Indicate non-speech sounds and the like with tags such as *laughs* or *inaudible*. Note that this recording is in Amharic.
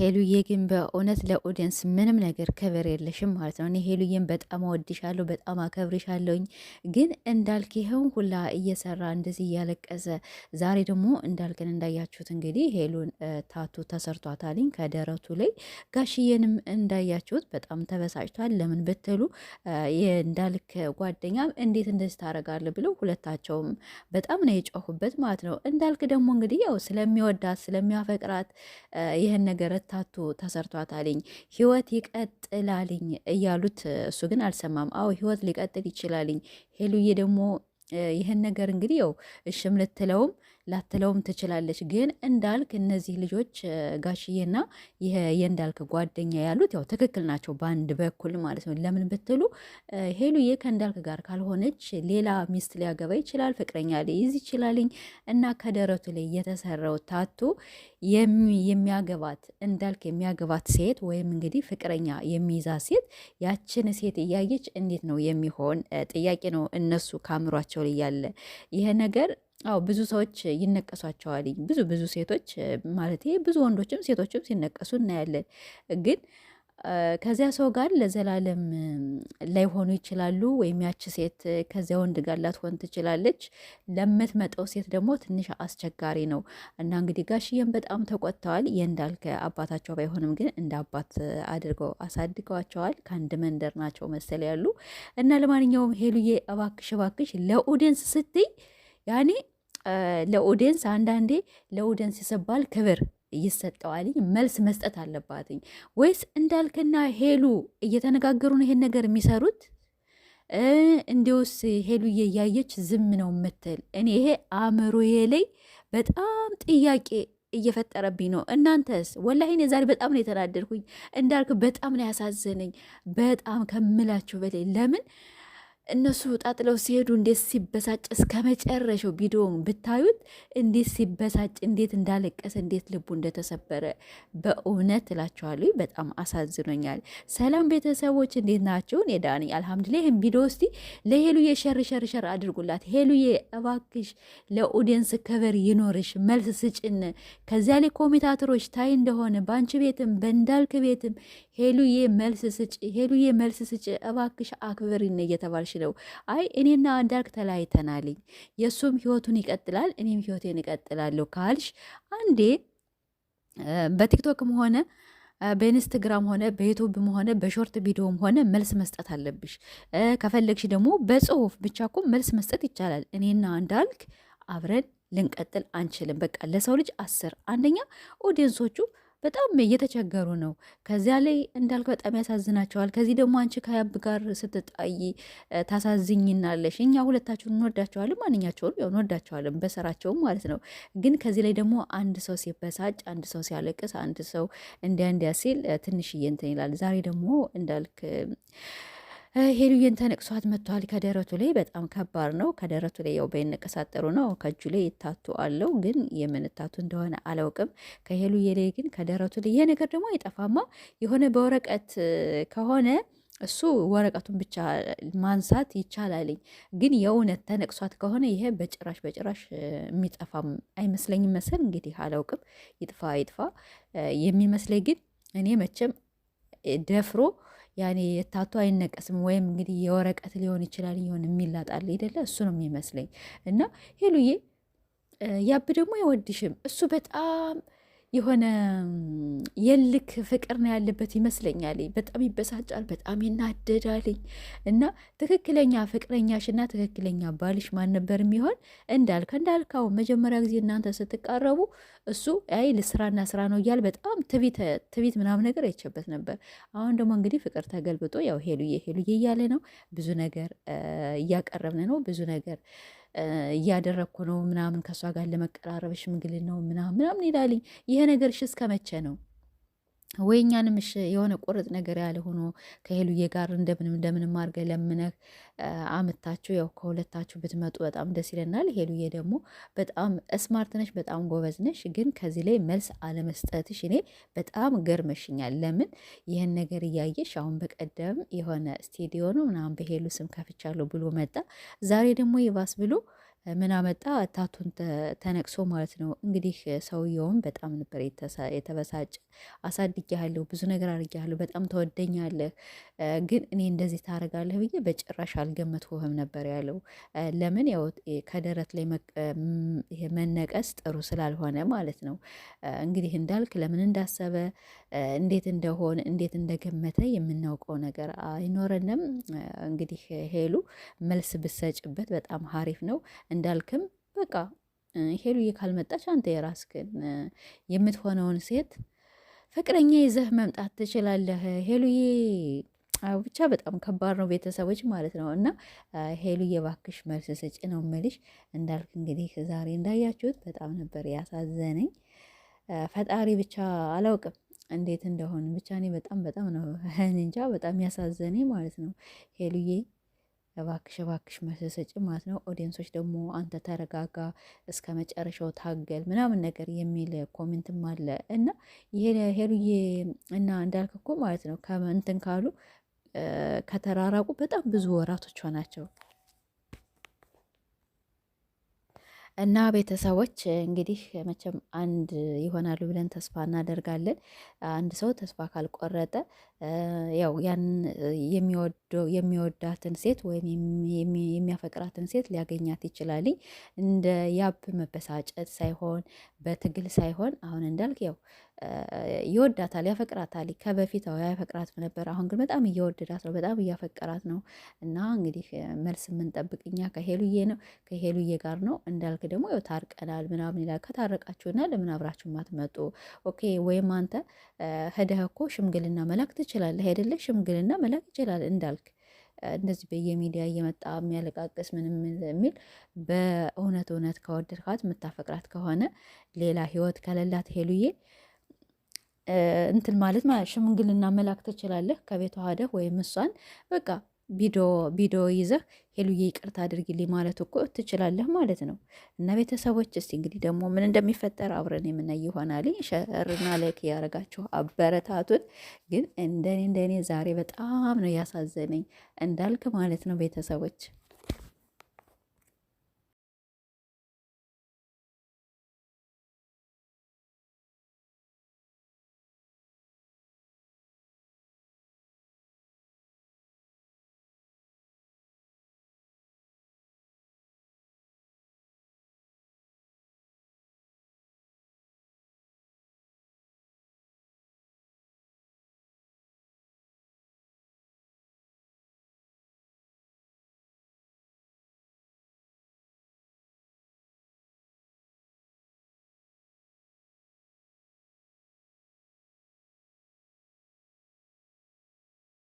ሄሉዬ ግን በእውነት ለኦዲየንስ ምንም ነገር ክብር የለሽም ማለት ነው። እኔ ሄሉዬን በጣም አወድሻለሁ፣ በጣም አከብርሻለሁኝ። ግን እንዳልክ ይኸውን ሁላ እየሰራ እንደዚህ እያለቀሰ ዛሬ ደግሞ እንዳልክን እንዳያችሁት እንግዲህ ሄሉን ታቱ ተሰርቷታልኝ ከደረቱ ላይ ጋሽዬንም እንዳያችሁት በጣም ተበሳጭቷል። ለምን ብትሉ እንዳልክ ጓደኛም እንዴት እንደዚህ ታደርጋለህ ብለው ሁለታቸውም በጣም ነው የጮሁበት ማለት ነው። እንዳልክ ደግሞ እንግዲህ ያው ስለሚወዳት ስለሚያፈቅራት ይህን ነገር ታቱ ተሰርቷታልኝ ህይወት ይቀጥላልኝ እያሉት እሱ ግን አልሰማም። አዎ ህይወት ሊቀጥል ይችላልኝ። ሄሉዬ ደግሞ ይህን ነገር እንግዲህ ያው እሽም ልትለውም ላትለውም ትችላለች። ግን እንዳልክ እነዚህ ልጆች ጋሽዬና ይሄ የእንዳልክ ጓደኛ ያሉት ያው ትክክል ናቸው፣ በአንድ በኩል ማለት ነው። ለምን ብትሉ ሄሉዬ ከእንዳልክ ጋር ካልሆነች ሌላ ሚስት ሊያገባ ይችላል፣ ፍቅረኛ ሊይዝ ይችላልኝ እና ከደረቱ ላይ የተሰራው ታቱ የሚያገባት እንዳልክ የሚያገባት ሴት ወይም እንግዲህ ፍቅረኛ የሚይዛት ሴት ያችን ሴት እያየች እንዴት ነው የሚሆን ጥያቄ ነው እነሱ ከአእምሯቸው ላይ ያለ ይሄ ነገር አዎ ብዙ ሰዎች ይነቀሷቸዋል። ብዙ ብዙ ሴቶች ማለት ብዙ ወንዶችም ሴቶችም ሲነቀሱ እናያለን። ግን ከዚያ ሰው ጋር ለዘላለም ላይሆኑ ይችላሉ። ወይም ያች ሴት ከዚያ ወንድ ጋር ላትሆን ትችላለች። ለምትመጣው ሴት ደግሞ ትንሽ አስቸጋሪ ነው እና እንግዲህ ጋሽዬም በጣም ተቆጥተዋል። የእንዳልከ አባታቸው ባይሆንም ግን እንደ አባት አድርገው አሳድገዋቸዋል። ከአንድ መንደር ናቸው መሰል ያሉ እና ለማንኛውም ሄሉዬ እባክሽ እባክሽ ለኦዲየንስ ስትይ ያኔ ለኦዲየንስ አንዳንዴ ለኦዲየንስ ሲባል ክብር ይሰጠዋልኝ መልስ መስጠት አለባትኝ ወይስ እንዳልክና ሄሉ እየተነጋገሩ ነው ይሄን ነገር የሚሰሩት? እንዲውስ ሄሉ እያየች ዝም ነው የምትል? እኔ ይሄ አእምሮዬ ላይ በጣም ጥያቄ እየፈጠረብኝ ነው። እናንተስ? ወላሂ እኔ ዛሬ በጣም ነው የተናደድኩኝ። እንዳልክ በጣም ነው ያሳዘነኝ፣ በጣም ከምላችሁ በላይ ለምን እነሱ ጣጥለው ሲሄዱ እንዴት ሲበሳጭ እስከ መጨረሻው ቪዲዮን ብታዩት እንዴት ሲበሳጭ እንዴት እንዳለቀሰ እንዴት ልቡ እንደተሰበረ በእውነት እላችኋለሁ። በጣም አሳዝኖኛል። ሰላም ቤተሰቦች እንዴት ናቸው? እኔ ዳኒ አልሐምዱሊላህ። ይህም ቪዲዮ እስቲ ለሄሉዬ ሸር ሸር ሸር አድርጉላት። ሄሉዬ እባክሽ ለኦዲየንስ ከበር ይኖርሽ፣ መልስ ስጭን። ከዚያ ላይ ኮሚታተሮች ታይ እንደሆነ በአንቺ ቤትም በእንዳልክ ቤትም ሄሉዬ መልስ ስጭ፣ ሄሉዬ መልስ ስጭ፣ እባክሽ አክበሪን እየተባልሽ ነው። አይ እኔና እንዳልክ ተለያይተናልኝ የእሱም ህይወቱን ይቀጥላል እኔም ህይወቴን እቀጥላለሁ ካልሽ አንዴ በቲክቶክም ሆነ በኢንስትግራም ሆነ በዩቱብም ሆነ በሾርት ቪዲዮም ሆነ መልስ መስጠት አለብሽ። ከፈለግሽ ደግሞ በጽሁፍ ብቻ እኮ መልስ መስጠት ይቻላል። እኔና እንዳልክ አብረን ልንቀጥል አንችልም። በቃ ለሰው ልጅ አስር አንደኛ ኦዲየንሶቹ በጣም እየተቸገሩ ነው። ከዚያ ላይ እንዳልክ በጣም ያሳዝናቸዋል። ከዚህ ደግሞ አንቺ ከያብ ጋር ስትጣይ ታሳዝኝናለሽ። እኛ ሁለታችሁን እንወዳቸዋለን፣ ማንኛቸውን ያው እንወዳቸዋለን በሰራቸውም ማለት ነው። ግን ከዚህ ላይ ደግሞ አንድ ሰው ሲበሳጭ፣ አንድ ሰው ሲያለቅስ፣ አንድ ሰው እንዲያ እንዲያ ሲል ትንሽዬ እንትን ይላል። ዛሬ ደግሞ እንዳልክ ሄሉዬን ተነቅሷት መጥቷል። ከደረቱ ላይ በጣም ከባድ ነው። ከደረቱ ላይ ያው በይነቀሳጠሩ ነው። ከእጁ ላይ ታቱ አለው፣ ግን የምንታቱ እንደሆነ አላውቅም። ከሄሉዬ ላይ ግን ከደረቱ ላይ ይሄ ነገር ደግሞ አይጠፋማ። የሆነ በወረቀት ከሆነ እሱ ወረቀቱን ብቻ ማንሳት ይቻላልኝ፣ ግን የእውነት ተነቅሷት ከሆነ ይሄ በጭራሽ በጭራሽ የሚጠፋም አይመስለኝም። መሰል እንግዲህ አላውቅም። ይጥፋ ይጥፋ የሚመስለኝ ግን እኔ መቼም ደፍሮ ያኔ የታቶ አይነቀስም ወይም እንግዲህ የወረቀት ሊሆን ይችላል ሆን የሚላጣል አይደለ? እሱ ነው የሚመስለኝ። እና ሄሉዬ ያብ ደግሞ አይወድሽም እሱ በጣም የሆነ የልክ ፍቅር ነው ያለበት ይመስለኛል። በጣም ይበሳጫል፣ በጣም ይናደዳልኝ እና ትክክለኛ ፍቅረኛሽና ትክክለኛ ባልሽ ማን ነበር የሚሆን? እንዳልከ እንዳልካው መጀመሪያ ጊዜ እናንተ ስትቃረቡ እሱ አይ ልስራና ስራ ነው እያል በጣም ትቢት ምናምን ነገር አይቸበት ነበር። አሁን ደግሞ እንግዲህ ፍቅር ተገልብጦ ያው ሄሉዬ ሄሉዬ እያለ ነው። ብዙ ነገር እያቀረብን ነው ብዙ ነገር እያደረግኩ ነው ምናምን፣ ከእሷ ጋር ለመቀራረብሽ ምግል ነው ምናምን ምናምን ይላልኝ። ይሄ ነገርሽ እስከ መቼ ነው? ወይ እኛንም የሆነ ቁርጥ ነገር ያለ ሆኖ ከሄሉዬ ጋር እንደምንም እንደምንም አድርገህ ለምነህ አምታችሁ ያው ከሁለታችሁ ብትመጡ በጣም ደስ ይለናል። ሄሉዬ ደግሞ በጣም ስማርት ነሽ፣ በጣም ጎበዝ ነሽ። ግን ከዚህ ላይ መልስ አለመስጠትሽ እኔ በጣም ገርመሽኛል። ለምን ይህን ነገር እያየሽ አሁን በቀደም የሆነ ስቴዲዮ ነው ምናምን በሄሉ ስም ከፍቻለሁ ብሎ መጣ። ዛሬ ደግሞ ይባስ ብሎ ምን አመጣ ታቱን ተነቅሶ ማለት ነው። እንግዲህ ሰውየውም በጣም ነበር የተበሳጨ። አሳድጌሃለሁ፣ ብዙ ነገር አድርጌሃለሁ፣ በጣም ተወደኛለህ፣ ግን እኔ እንደዚህ ታደርጋለህ ብዬ በጭራሽ አልገመትኩህም ነበር ያለው። ለምን ያው ከደረት ላይ መነቀስ ጥሩ ስላልሆነ ማለት ነው። እንግዲህ እንዳልክ ለምን እንዳሰበ እንዴት እንደሆነ እንዴት እንደገመተ የምናውቀው ነገር አይኖረንም። እንግዲህ ሄሉ መልስ ብሰጭበት በጣም ሀሪፍ ነው። እንዳልክም በቃ ሄሉዬ ካልመጣች አንተ የራስህን የምትሆነውን ሴት ፍቅረኛ ይዘህ መምጣት ትችላለህ። ሄሉዬ ብቻ በጣም ከባድ ነው ቤተሰቦች ማለት ነው። እና ሄሉዬ እባክሽ መልስ ስጭ ነው የምልሽ። እንዳልክ እንግዲህ ዛሬ እንዳያችሁት በጣም ነበር ያሳዘነኝ። ፈጣሪ ብቻ አላውቅም እንዴት እንደሆነ ብቻ እኔ በጣም በጣም ነው *laughs* እንጃ በጣም ያሳዘኔ ማለት ነው። ሄሉዬ እባክሽ እባክሽ መሰሰጭ ማለት ነው። ኦዲየንሶች ደግሞ አንተ ተረጋጋ፣ እስከ መጨረሻው ታገል ምናምን ነገር የሚል ኮሜንትም አለ እና ሄሉዬ እና እንዳልክ እኮ ማለት ነው ከእንትን ካሉ ከተራራቁ በጣም ብዙ ወራቶች ሆናቸው። እና ቤተሰቦች እንግዲህ መቼም አንድ ይሆናሉ ብለን ተስፋ እናደርጋለን። አንድ ሰው ተስፋ ካልቆረጠ ያው ያን የሚወደው የሚወዳትን ሴት ወይም የሚያፈቅራትን ሴት ሊያገኛት ይችላል። እንደ ያብ መበሳጨት ሳይሆን በትግል ሳይሆን አሁን እንዳልክ ያው ይወዳታል፣ ያፈቅራታል። ከበፊት ያፈቅራት ነበር። አሁን ግን በጣም እየወደዳት ነው፣ በጣም እያፈቀራት ነው። እና እንግዲህ መልስ የምንጠብቅ እኛ ከሄሉዬ ነው ከሄሉዬ ጋር ነው። እንዳልክ ደግሞ ያው ታርቀናል ምናምን ይላል። ከታረቃችሁና ለምን አብራችሁ ማትመጡ? ኦኬ ወይም አንተ ሄደህ እኮ ሽምግልና መላክ ትችላለህ አይደለ? ሽምግልና መላክ ይችላል እንዳልክ እንደዚህ በየሚዲያ እየመጣ የሚያለቃቅስ ምንም የሚል በእውነት እውነት ከወደድካት የምታፈቅራት ከሆነ ሌላ ህይወት ከሌላት ሄሉዬ እንትን ማለት ሽምግልና መላክ ትችላለህ። ከቤቷ ሄደህ ወይም እሷን በቃ ቪዲዮ ይዘህ ሄሉዬ ይቅርታ አድርግልኝ ማለት እኮ ትችላለህ ማለት ነው። እና ቤተሰቦች እስቲ እንግዲህ ደግሞ ምን እንደሚፈጠር አብረን የምናይ ይሆናል። ሸርና ላይክ ያደረጋችሁ አበረታቱን። ግን እንደኔ እንደኔ ዛሬ በጣም ነው ያሳዘነኝ እንዳልክ ማለት ነው ቤተሰቦች